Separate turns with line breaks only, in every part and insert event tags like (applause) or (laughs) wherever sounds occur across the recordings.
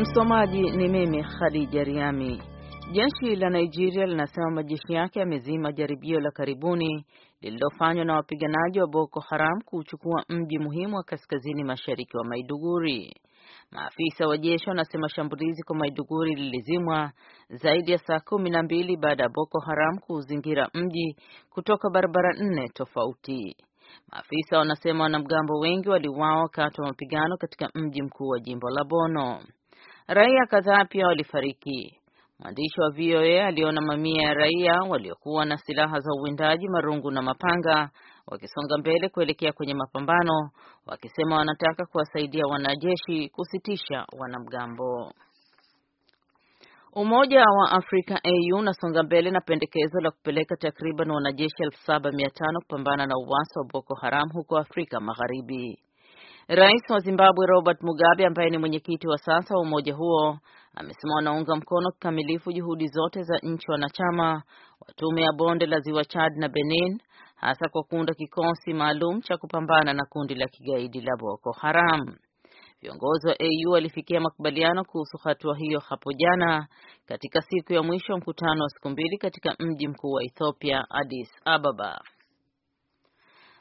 Msomaji ni mimi Khadija Riami. Jeshi la Nigeria linasema majeshi yake yamezima jaribio la karibuni lililofanywa na wapiganaji wa Boko Haram kuchukua mji muhimu wa kaskazini mashariki wa Maiduguri. Maafisa wa jeshi wanasema shambulizi kwa Maiduguri lilizimwa zaidi ya saa kumi na mbili baada ya Boko Haram kuuzingira mji kutoka barabara nne tofauti. Maafisa wanasema wanamgambo wengi waliuawa wakati wa mapigano katika mji mkuu wa jimbo la Bono. Raia kadhaa pia walifariki. Mwandishi wa VOA aliona mamia ya raia waliokuwa na silaha za uwindaji, marungu na mapanga wakisonga mbele kuelekea kwenye mapambano, wakisema wanataka kuwasaidia wanajeshi kusitisha wanamgambo. Umoja wa Afrika AU unasonga mbele na pendekezo la kupeleka takriban wanajeshi 7500 kupambana na uasi wa Boko Haram huko Afrika Magharibi. Rais wa Zimbabwe Robert Mugabe ambaye ni mwenyekiti wa sasa wa umoja huo amesema wanaunga mkono kikamilifu juhudi zote za nchi wanachama wa tume ya bonde la Ziwa Chad na Benin hasa kwa kuunda kikosi maalum cha kupambana na kundi la kigaidi la Boko Haram. Viongozi wa AU walifikia makubaliano kuhusu hatua hiyo hapo jana katika siku ya mwisho mkutano wa siku mbili katika mji mkuu wa Ethiopia Addis Ababa.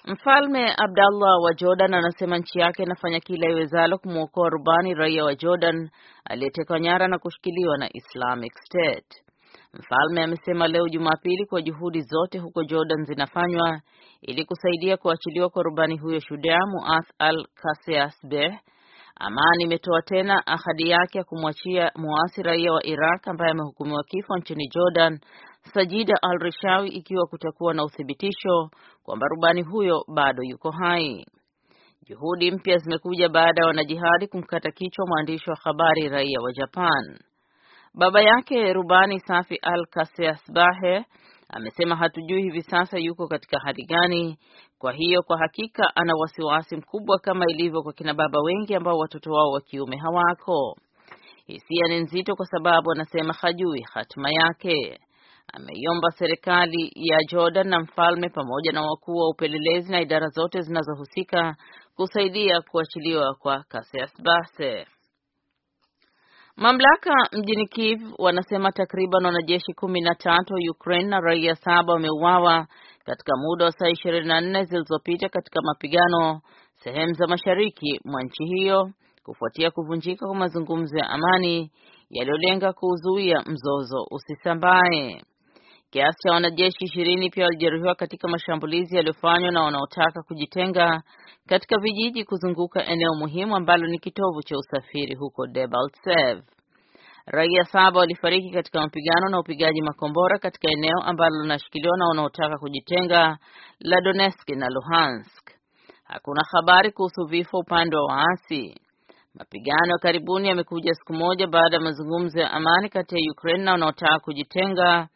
Mfalme Abdallah wa Jordan anasema nchi yake inafanya kila iwezalo kumwokoa rubani raia wa Jordan aliyetekwa nyara na kushikiliwa na Islamic State. Mfalme amesema leo Jumapili kwa juhudi zote huko Jordan zinafanywa ili kusaidia kuachiliwa kwa rubani huyo shujaa Muath al-Kaseasbeh. Amani imetoa tena ahadi yake ya kumwachia muasi raia wa Iraq ambaye amehukumiwa kifo nchini Jordan Sajida al-Rishawi ikiwa kutakuwa na uthibitisho kwamba rubani huyo bado yuko hai. Juhudi mpya zimekuja baada ya wanajihadi kumkata kichwa mwandishi wa habari raia wa Japan. Baba yake rubani Safi al kaseasbahe amesema hatujui hivi sasa yuko katika hali gani, kwa hiyo kwa hakika ana wasiwasi mkubwa kama ilivyo kwa kina baba wengi ambao watoto wao wa kiume hawako. Hisia ni nzito kwa sababu anasema hajui hatima yake ameiomba serikali ya Jordan na mfalme pamoja na wakuu wa upelelezi na idara zote zinazohusika kusaidia kuachiliwa kwa Cassius Basse. Mamlaka mjini Kiev wanasema takriban wanajeshi kumi na tatu wa Ukraine na raia saba wameuawa katika muda wa saa 24 zilizopita katika mapigano sehemu za mashariki mwa nchi hiyo kufuatia kuvunjika kwa mazungumzo ya amani yaliyolenga kuzuia mzozo usisambae. Kiasi cha wanajeshi ishirini pia walijeruhiwa katika mashambulizi yaliyofanywa na wanaotaka kujitenga katika vijiji kuzunguka eneo muhimu ambalo ni kitovu cha usafiri huko Debaltseve. Raia saba walifariki katika mapigano na upigaji makombora katika eneo ambalo linashikiliwa na wanaotaka kujitenga la Donetsk na Luhansk. Hakuna habari kuhusu vifo upande wa waasi. Mapigano ya karibuni yamekuja siku moja baada ya mazungumzo ya amani kati ya Ukraine na wanaotaka kujitenga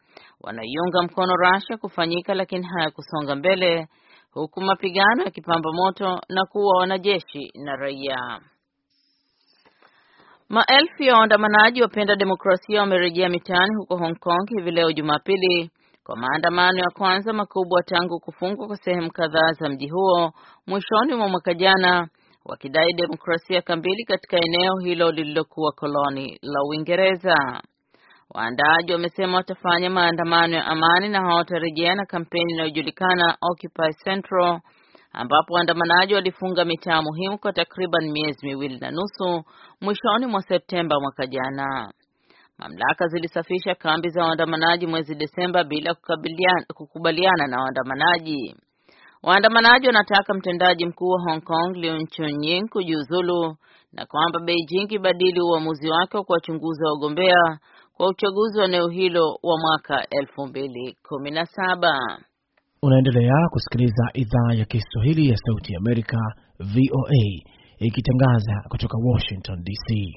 wanaiunga mkono Russia kufanyika, lakini hayakusonga mbele, huku mapigano yakipamba moto na kuua wanajeshi na raia. Maelfu ya waandamanaji wapenda demokrasia wamerejea mitaani huko Hong Kong hivi leo Jumapili kwa maandamano ya kwanza makubwa tangu kufungwa kwa sehemu kadhaa za mji huo mwishoni mwa mwaka jana, wakidai demokrasia kamili katika eneo hilo lililokuwa koloni la Uingereza. Waandaaji wamesema watafanya maandamano ya amani na hawatarejea na kampeni inayojulikana Occupy Central ambapo waandamanaji walifunga mitaa muhimu kwa takriban miezi miwili na nusu mwishoni mwa Septemba mwaka jana. Mamlaka zilisafisha kambi za waandamanaji mwezi Desemba bila kukubaliana na waandamanaji. Waandamanaji wanataka mtendaji mkuu wa Hong Kong Leung Chun-ying kujiuzulu na kwamba Beijing ibadili uamuzi wake wa kuwachunguza wagombea kwa uchaguzi wa eneo hilo wa mwaka 2017.
Unaendelea kusikiliza idhaa ya Kiswahili ya Sauti ya Amerika, VOA, ikitangaza kutoka Washington DC.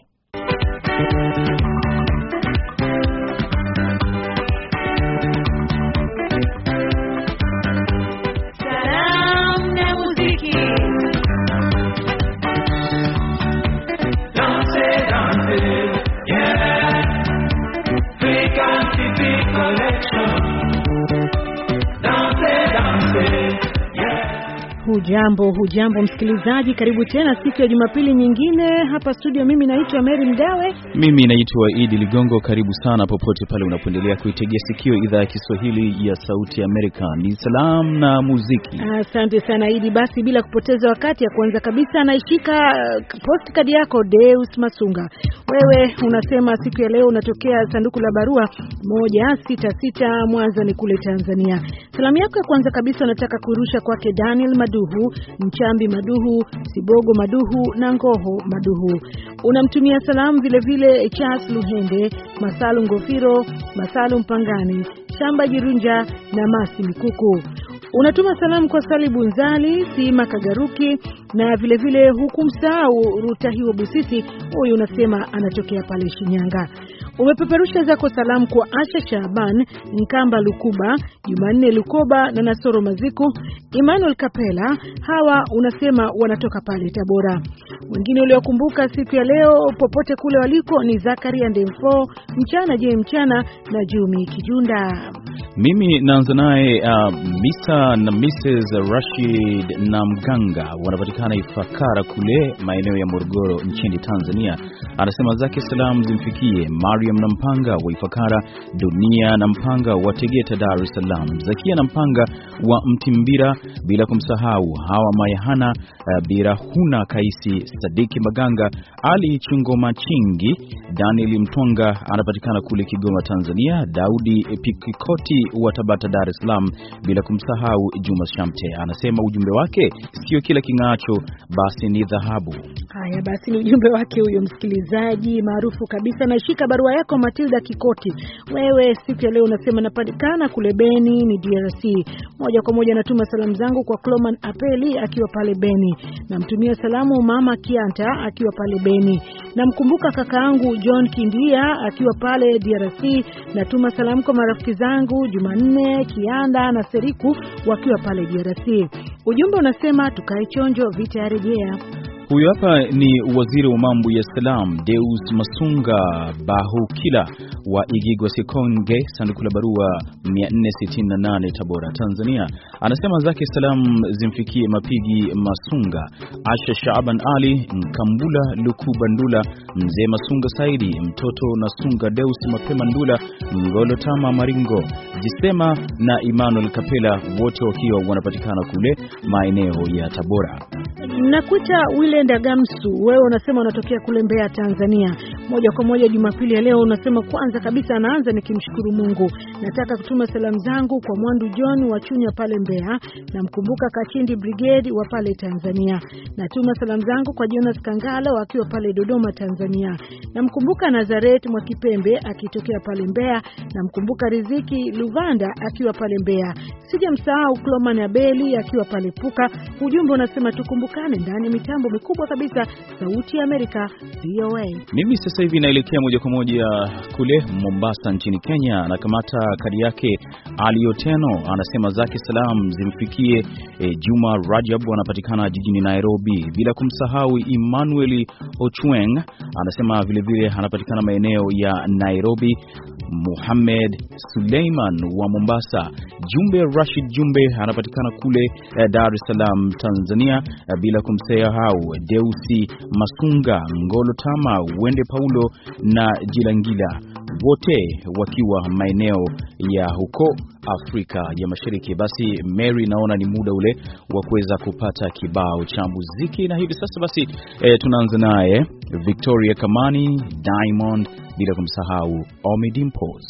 Hujambo, hujambo msikilizaji, karibu tena siku ya Jumapili nyingine hapa studio. Mimi naitwa Mary Mgawe.
Mimi naitwa Idi Ligongo. Karibu sana popote pale unapoendelea kuitegea sikio idhaa ya Kiswahili ya Sauti Amerika. Ni salamu na muziki.
Asante sana Idi. Basi bila kupoteza wakati, ya kwanza kabisa naishika uh, postcard yako Deus Masunga. Wewe unasema siku ya leo unatokea sanduku la barua moja sita sita Mwanza ni kule Tanzania. Salamu yako ya kwanza kabisa unataka kurusha kwake Daniel Madu Maduhu, Mchambi Maduhu, Sibogo Maduhu na Ngoho Maduhu. Unamtumia salamu vile vile Charles Luhende, Masalu Ngofiro, Masalu Mpangani, Shamba Jirunja na Masi Mikuku. Unatuma salamu kwa Sali Bunzali, Sima Kagaruki na vile vile hukumsahau Rutahiwa Busisi, huyu unasema anatokea pale Shinyanga umepeperusha zako salamu kwa Asha Shahaban Nkamba Lukuba, Jumanne Lukoba na Nasoro Maziku, Emmanuel Kapela. Hawa unasema wanatoka pale Tabora. Wengine uliokumbuka siku ya leo popote kule waliko ni Zakaria Ndemfo, Mchana Je Mchana na Jumi Kijunda.
Mimi naanza naye uh, Mr na Mrs Rashid na Mganga wanapatikana Ifakara kule maeneo ya Morogoro nchini Tanzania. Anasema zake salamu zimfikie Mari Mariam mpanga wa Ifakara, Dunia mpanga wa Tegeta, Dar es Salaam, Zakia Mpanga wa Mtimbira, bila kumsahau Hawa Mayahana eh, Birahuna, Kaisi Sadiki Maganga, Ali Chingoma Chingi, Daniel Mtonga anapatikana kule Kigoma, Tanzania, Daudi Pikikoti wa Tabata, Dar es Salaam, bila kumsahau Juma Shamte. Anasema ujumbe wake sio kila king'acho basi ni dhahabu.
Haya basi, ni ujumbe wake huyo msikilizaji maarufu kabisa. Naishika barua yako Matilda Kikoti, wewe siku ya leo unasema napatikana kule Beni ni DRC. Moja kwa moja natuma salamu zangu kwa Cloman Apeli akiwa pale Beni, namtumia salamu mama Kianta akiwa pale Beni, namkumbuka kaka yangu John Kindia akiwa pale DRC. Natuma salamu kwa marafiki zangu Jumanne Kianda na Seriku wakiwa pale DRC. Ujumbe unasema tukae chonjo, vita ya rejea.
Huyu hapa ni waziri wa mambo ya Salam Deus Masunga Bahukila wa Igigwa Sikonge, sanduku la barua 468 Tabora, Tanzania. Anasema zake salamu zimfikie Mapigi Masunga, Asha Shaaban Ali Mkambula, Luku Bandula, Mzee Masunga Saidi, mtoto na Sunga Deus Mapema Ndula, Ngolo Tama Maringo, Jisema na Emmanuel Kapela, wote wakiwa wanapatikana kule maeneo ya Tabora.
Nakuta Wile Ndagamsu, wewe unasema unatokea kule Mbeya, Tanzania. Moja kwa moja Jumapili ya leo unasema, kwanza kabisa anaanza nikimshukuru Mungu. Nataka kutuma salamu zangu kwa Mwandu John wa Chunya pale Mbeya, namkumbuka Kachindi Brigade wa pale Tanzania. Natuma salamu zangu kwa Jonas Kangala wakiwa pale Dodoma, Tanzania. Namkumbuka Nazaret Mwakipembe akitokea pale Mbeya, namkumbuka Riziki Luvanda akiwa pale Mbeya. Sijamsahau Kloman Abeli akiwa pale Puka. Ujumbe unasema tukumbuka tuungane ndani ya mitambo mikubwa kabisa, Sauti ya Amerika VOA.
Mimi sasa hivi naelekea moja kwa moja kule Mombasa nchini Kenya, na kamata kadi yake Alioteno, anasema zake salam zimfikie e, Juma Rajab, anapatikana jijini Nairobi, bila kumsahau Emmanuel Ochweng, anasema vilevile vile, anapatikana maeneo ya Nairobi. Muhamed Suleiman wa Mombasa. Jumbe Rashid Jumbe anapatikana kule eh, Dar es Salaam, Tanzania, eh, bila kumsahau eh, Deusi Masunga, Ngolo Tama, Wende Paulo na Jilangila wote wakiwa maeneo ya huko Afrika ya Mashariki. Basi Mary, naona ni muda ule wa kuweza kupata kibao cha muziki, na hivi sasa basi e, tunaanza naye Victoria Kamani, Diamond, bila kumsahau Omidimpoz.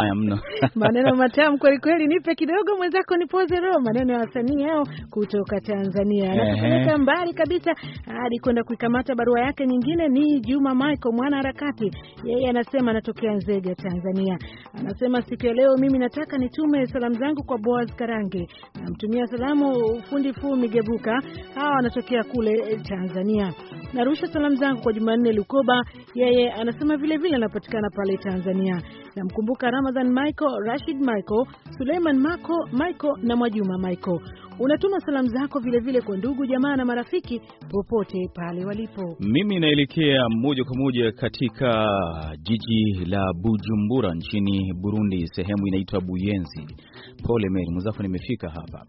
mabaya mno (laughs) maneno
matamu kweli kweli. Nipe kidogo mwenzako nipoze roho, maneno ya wasanii hao kutoka Tanzania. Anakupeleka mbali kabisa hadi kwenda kuikamata. Barua yake nyingine ni Juma Michael, harakati, Yeye anasema anatokea Nzega, Tanzania. Anasema siku ya leo mimi nataka nitume salamu zangu kwa Boaz Karange, namtumia salamu fundi fu Migebuka, hawa anatokea kule eh, Tanzania. Narusha salamu zangu kwa Jumanne Lukoba, yeye anasema vilevile anapatikana pale Tanzania. Namkumbuka Rama Ramadhan Michael, Rashid Michael, Suleiman Mako Michael na Mwajuma Michael. Unatuma salamu zako vilevile kwa ndugu jamaa na marafiki popote pale walipo.
Mimi naelekea moja kwa moja katika jiji la Bujumbura nchini Burundi, sehemu inaitwa Buyenzi. Pole Meri Muzafu, nimefika hapa.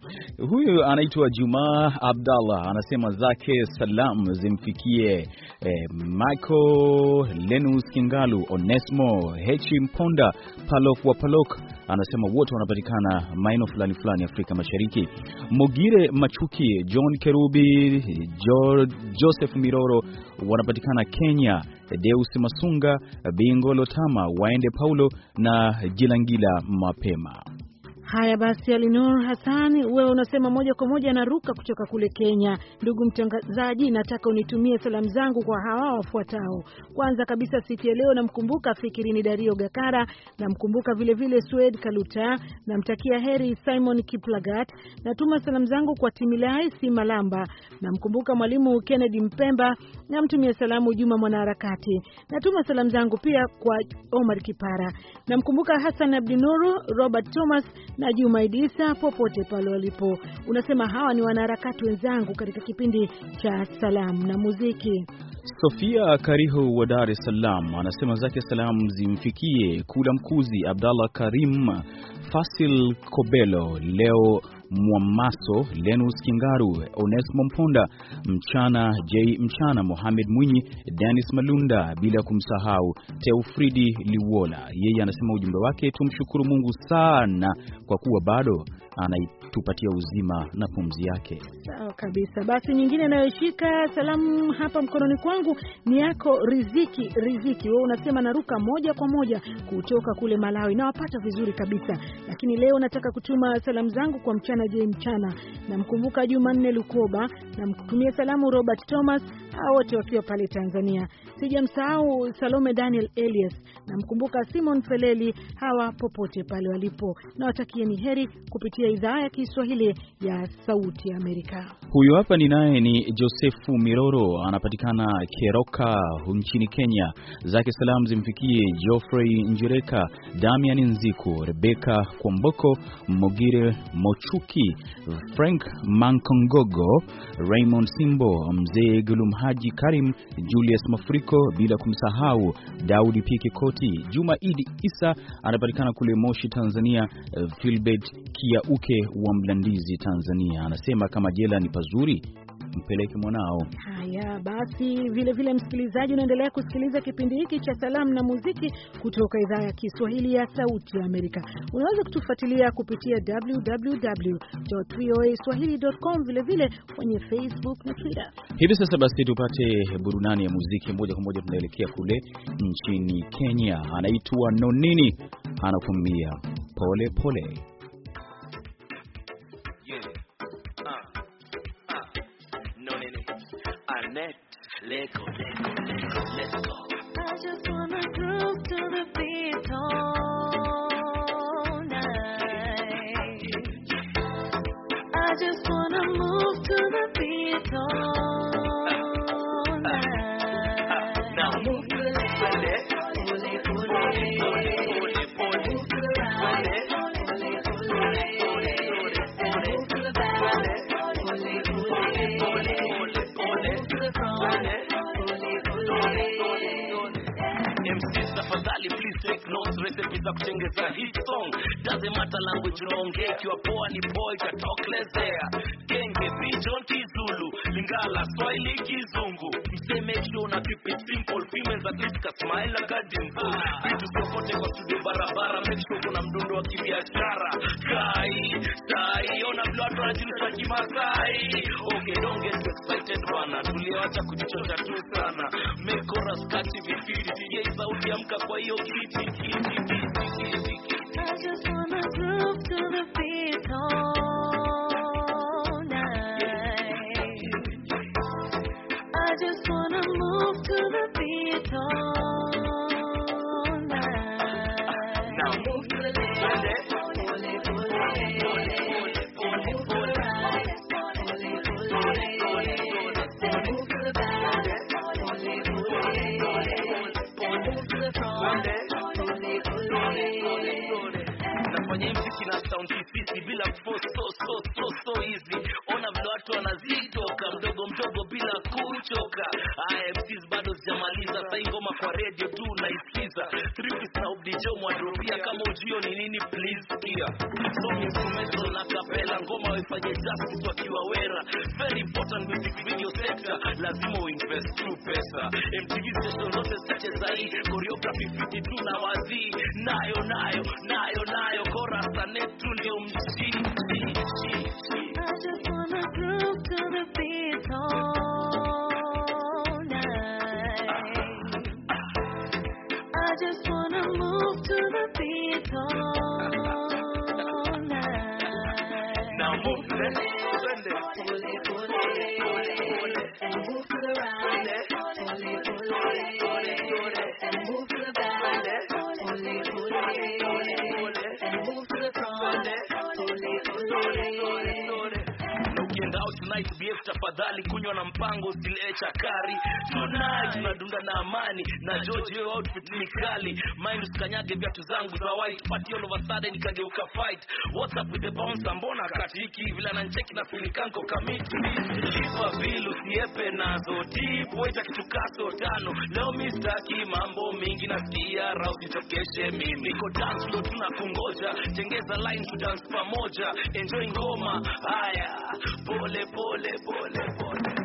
Huyu anaitwa Jumaa Abdallah, anasema zake salamu zimfikie eh, Michael Lenus Kingalu, Onesmo Hechi Mponda, Palok wa Palok anasema wote wanapatikana maeneo fulani fulani Afrika Mashariki. Mogire Machuki, John Kerubi, jo, Joseph Miroro wanapatikana Kenya, Deus Masunga, Bingolo Tama, Waende Paulo na Jilangila Mapema.
Haya basi, Alinur Hassan, wewe unasema moja kwa moja naruka kutoka kule Kenya. Ndugu mtangazaji, nataka unitumie salamu zangu kwa hawa wafuatao. Kwanza kabisa, siku ya leo namkumbuka Fikirini Dario Gakara, namkumbuka vilevile Swed Kaluta, namtakia heri Simon Kiplagat. Natuma salamu zangu kwa Timilai Simalamba, namkumbuka mwalimu Kennedy Mpemba, namtumia salamu Juma Mwanaharakati. Natuma salamu zangu pia kwa Omar Kipara, namkumbuka Hassan Abdinuru, Robert Thomas na Juma Idisa popote pale walipo. Unasema hawa ni wanaharakati wenzangu katika kipindi cha salamu na muziki.
Sofia karihu wa Dar es Salaam anasema zake salamu zimfikie Kula Mkuzi, Abdallah Karim, Fasil Kobelo, Leo Mwamaso, Lenus Kingaru, Onesmo Mponda, Mchana J Mchana, Mohamed Mwinyi, Dennis Malunda, bila kumsahau Teofridi Liwola. Yeye anasema ujumbe wake, tumshukuru Mungu sana kwa kuwa bado anai tupatie uzima na pumzi yake.
Sawa kabisa. Basi nyingine inayoshika salamu hapa mkononi kwangu ni yako Riziki. Riziki wewe unasema naruka moja kwa moja kutoka kule Malawi, nawapata vizuri kabisa, lakini leo nataka kutuma salamu zangu kwa mchana. Je, mchana namkumbuka Jumanne Lukoba, namtumia salamu Robert Thomas, hao wote wakiwa pale Tanzania. Sijamsahau Salome Daniel Elias, namkumbuka Simon Feleli, hawa popote pale walipo, nawatakieni heri kupitia idhaa ya Kiswahili ya Sauti ya Amerika.
Huyo hapa ni naye ni Josefu Miroro, anapatikana Keroka nchini Kenya. Zake salamu zimfikie Geoffrey Njireka, Damian Nziku, Rebeka Kwamboko, Mogire Mochuki, Frank Mankongogo, Raymond Simbo, Mzee Gulumhaji Karim, Julius Mafuriko, bila kumsahau Daudi pike koti Juma Idi Isa anapatikana kule Moshi, Tanzania. filbert Kiauke wa wa Mlandizi, Tanzania, anasema kama jela ni pazuri mpeleke mwanao.
Haya basi, vilevile msikilizaji, unaendelea kusikiliza kipindi hiki cha salamu na muziki kutoka idhaa ya Kiswahili ya Sauti ya Amerika. Unaweza kutufuatilia kupitia www.voaswahili.com, vilevile kwenye Facebook na Twitter.
Hivi sasa basi, tupate burudani ya muziki moja kwa moja. Tunaelekea kule nchini Kenya, anaitwa Nonini, anakuambia pole pole.
Let go, let go, let go, let's go. I just wanna groove to the beat all night. I just wanna move to the beat all za kutengeza hit song doesn't matter language unaongea kiwa poa ni boy talk less there. genge vision kizulu lingala swahili kizungu mseme show na keep it simple females at least ka smile like a dimple. vitu sokote kwa studio barabara make sure kuna mdundo wa kibiashara kai tai ona vile watu wanajilisha kimasai okay don't get excited bwana tuliwacha kujichosha tu sana make chorus kati vifiri tijei sauti amka kwa hiyo kiti kiti move to the beat all night. I just wanna move to the beat all just wanna move to the beat all night. Now move left, bend it. Pull it, pull it, pull it, pull it. And move to the right. Pull it, pull it, pull it, pull it, pull it. And move to the back. Pull it, pull it, pull it, pull it, pull it. And move to the front. Pull it, pull it, pull it, pull it. Ukienda out tonight, beer tafadhali kunywa na mpango stile kari tonight tunadunda na amani na George yo outfit ni kali mind usikanyage viatu zangu za white party all of a sudden kageuka fight what's up with the bouncer mbona katiki vile anancheki na filikanko kamiti lipa bilu siepe nazo tip waita kitukaso tano leo mi sitaki mambo mingi nasikia rau sichokeshe mimi ko dance floor tunakungoja tengeza line to dance pamoja enjoy ngoma haya pole pole pole pole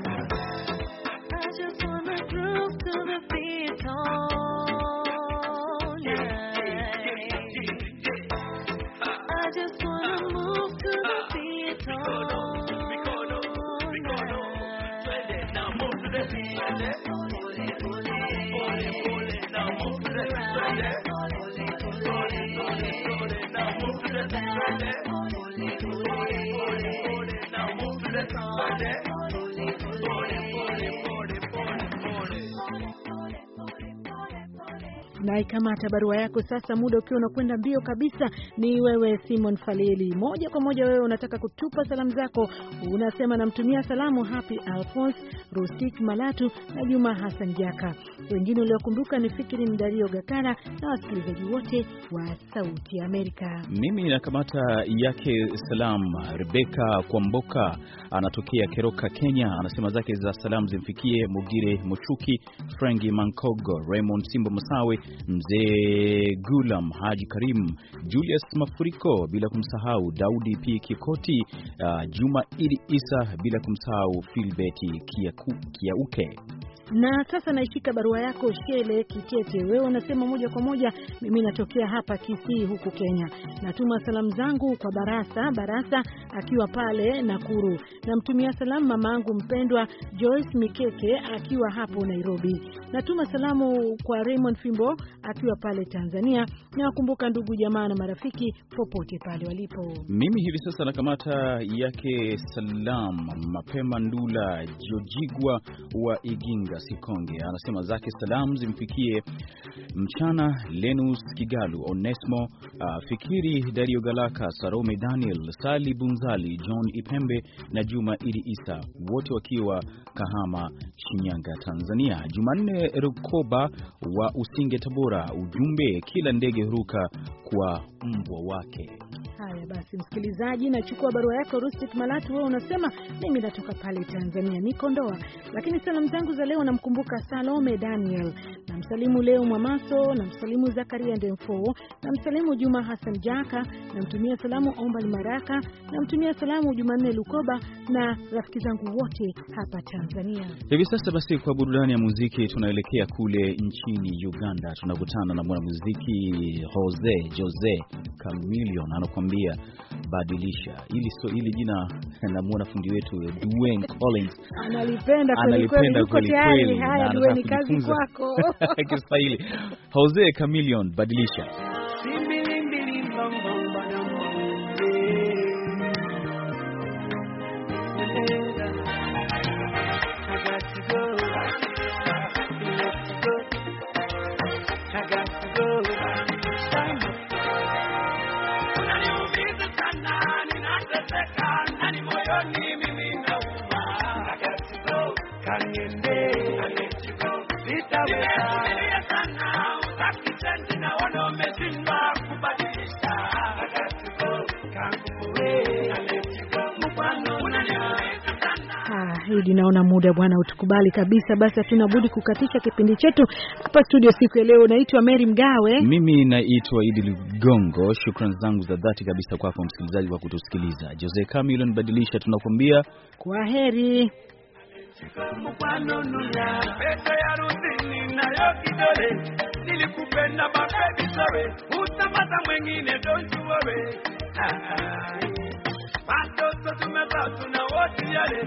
Now move to the side.
naikamata barua yako sasa, muda ukiwa unakwenda mbio kabisa. Ni wewe Simon Faleli, moja kwa moja wewe unataka kutupa salamu zako, unasema namtumia salamu Happy Alphonse Rustik Malatu na Juma Hassan Jaka. Wengine uliokumbuka ni Fikiri Mdario Gakara na wasikilizaji wote wa Sauti ya Amerika.
Mimi nakamata yake salam Rebeka Kwamboka, anatokea Keroka, Kenya. Anasema zake za salamu zimfikie Mugire mochuki frangi Mankogo, Raymond Simbo Masawe mzee Gulam Haji Karim, Julius Mafuriko, bila kumsahau Daudi P. Kikoti, uh, Juma Idi Isa, bila kumsahau Filbeti Kiauke.
Na sasa naishika barua yako Shele kitete wewe unasema moja kwa moja, mimi natokea hapa Kisii huku Kenya. Natuma salamu zangu kwa Barasa Barasa akiwa pale Nakuru, namtumia salamu mamaangu mpendwa Joyce Mikeke akiwa hapo Nairobi. Natuma salamu kwa Raymond Fimbo akiwa pale Tanzania, na ndugu jamaa na marafiki popote pale walipo.
Mimi hivi sasa nakamata yake salam mapema Ndula Jojigwa wa Iginga Afrika Sikonge anasema zake salamu zimfikie Mchana Lenus Kigalu, Onesmo uh, Fikiri, Dario Galaka, Sarome Daniel, Sali Bunzali, John Ipembe na Juma Idi Isa, wote wakiwa Kahama, Shinyanga, Tanzania. Jumanne Rukoba wa Usinge, Tabora, ujumbe kila ndege huruka kwa mbwa wake.
Haya basi, msikilizaji, nachukua barua yako Rustic Malatu, wewe unasema mimi natoka pale Tanzania, niko ndoa, lakini salamu zangu za leo namkumbuka Salome Daniel, namsalimu Leo Mwamaso, namsalimu Zakaria Ndemfo, namsalimu Juma Hassan Jaka, namtumia salamu ombal Maraka, namtumia salamu Jumanne Lukoba na rafiki zangu wote hapa Tanzania.
Hivi sasa basi, kwa burudani ya muziki tunaelekea kule nchini Uganda, tunakutana na mwanamuziki Jose Jose Kamilion anakuambia anakuambia badilisha ili so, ili jina (laughs) namuona fundi wetu Dwayne Collins
analipenda analipenda kweli kweli, na anataka kujifunza
(laughs) Kiswahili. Jose Chameleone, badilisha
Idi, naona muda bwana utukubali kabisa, basi hatuna budi kukatisha kipindi chetu hapa studio siku ya leo. Naitwa Mary Mgawe,
mimi naitwa Idi Ligongo. Shukrani zangu za dhati kabisa kwako msikilizaji kwa kutusikiliza. Jose Camilon badilisha, tunakuambia kwa heri.
Nilikupenda mapenzi sawe, utapata mwingine don't you worry. (laughs) Watoto tumezaa tuna wote yale,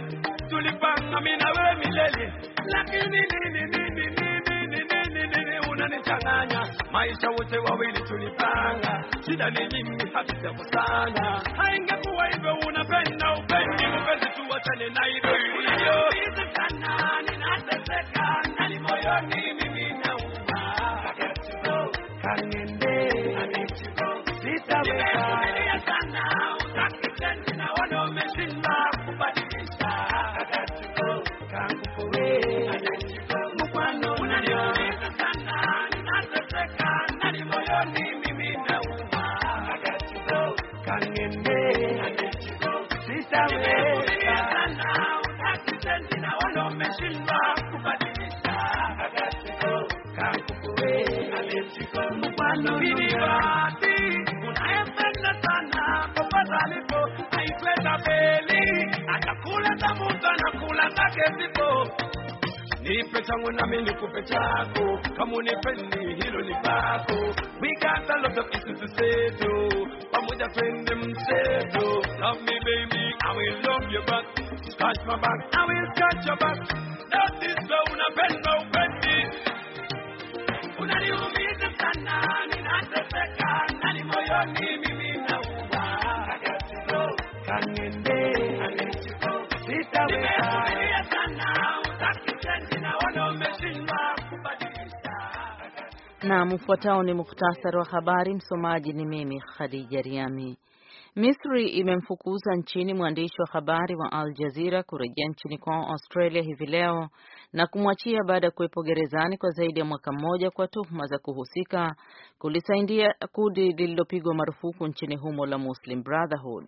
tulipanga mimi na wewe milele, lakini nini nini nini nini nini unanichanganya? Maisha wote wawili tulipanga, shida ni nyingi hatujakutana. Haingekuwa hivyo, unapenda upendi mpenzi, tuwachane na hivyo hivyo. Isikana ninateseka ndani moyoni mimi nauma, kaniende sitaweza Atakula tamuta na kula zake zipo nipe changu nami nikupe chako, kama unipende hilo ni pako. We got a lot of issues to say to, pamoja twende mseto. Love me baby, I will love you back, scratch my back, I will scratch your back. That is where unapenda upendi, unaniumiza sana, ninateseka ndani moyoni, mimi naumwa. I got to go, can't get there, to go, sitaweza. Nimesubiria sana
Na mfuatao ni muhtasari wa habari. Msomaji ni mimi Khadija Riami. Misri imemfukuza nchini mwandishi wa habari wa Al Jazeera kurejea nchini kwao Australia hivi leo na kumwachia baada ya kuwepo gerezani kwa zaidi ya mwaka mmoja kwa tuhuma za kuhusika kulisaidia kundi lililopigwa marufuku nchini humo la Muslim Brotherhood.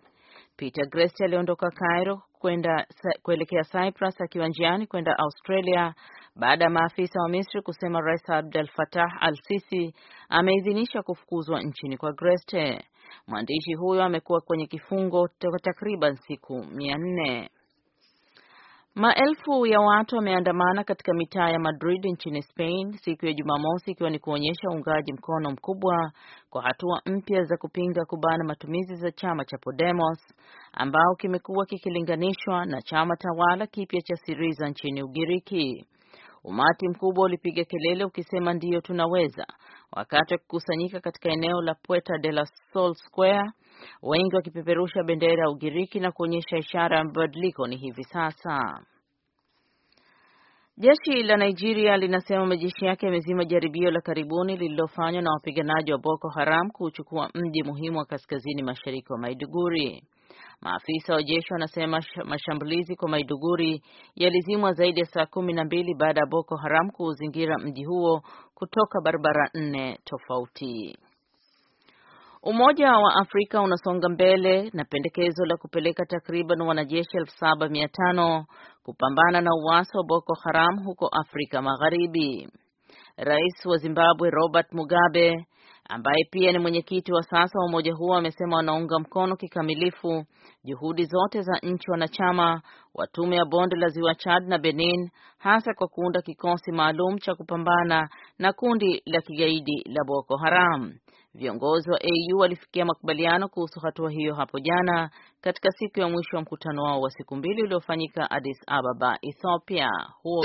Peter Greste aliondoka Cairo kwenda kuelekea Cyprus akiwa njiani kwenda Australia baada ya maafisa wa Misri kusema Rais Abdel Fattah al-Sisi ameidhinisha kufukuzwa nchini kwa Greste. Mwandishi huyo amekuwa kwenye kifungo kwa takriban siku mia nne. Maelfu ya watu wameandamana katika mitaa ya Madrid nchini Spain siku ya Jumamosi ikiwa ni kuonyesha uungaji mkono mkubwa kwa hatua mpya za kupinga kubana matumizi za chama cha Podemos ambao kimekuwa kikilinganishwa na chama tawala kipya cha Siriza nchini Ugiriki. Umati mkubwa ulipiga kelele ukisema ndiyo tunaweza, wakati wakikusanyika katika eneo la Puerta de la Sol Square, wengi wakipeperusha bendera ya Ugiriki na kuonyesha ishara ya mabadiliko ni hivi sasa. Jeshi la Nigeria linasema majeshi yake yamezima jaribio la karibuni lililofanywa na wapiganaji wa Boko Haram kuchukua mji muhimu wa kaskazini mashariki wa Maiduguri. Maafisa wa jeshi wanasema mashambulizi kwa Maiduguri yalizimwa zaidi ya saa kumi na mbili baada ya Boko Haram kuuzingira mji huo kutoka barabara nne tofauti. Umoja wa Afrika unasonga mbele na pendekezo la kupeleka takriban wanajeshi elfu saba mia tano kupambana na uasi wa Boko Haram huko Afrika Magharibi. Rais wa Zimbabwe Robert Mugabe ambaye pia ni mwenyekiti wa sasa wa umoja huo amesema wanaunga mkono kikamilifu juhudi zote za nchi wanachama wa tume ya bonde la ziwa Chad na Benin, hasa kwa kuunda kikosi maalum cha kupambana na kundi la kigaidi la Boko Haram. Viongozi wa AU walifikia makubaliano kuhusu hatua hiyo hapo jana katika siku ya mwisho wa mkutano wao wa siku mbili uliofanyika Addis Ababa, Ethiopia. huo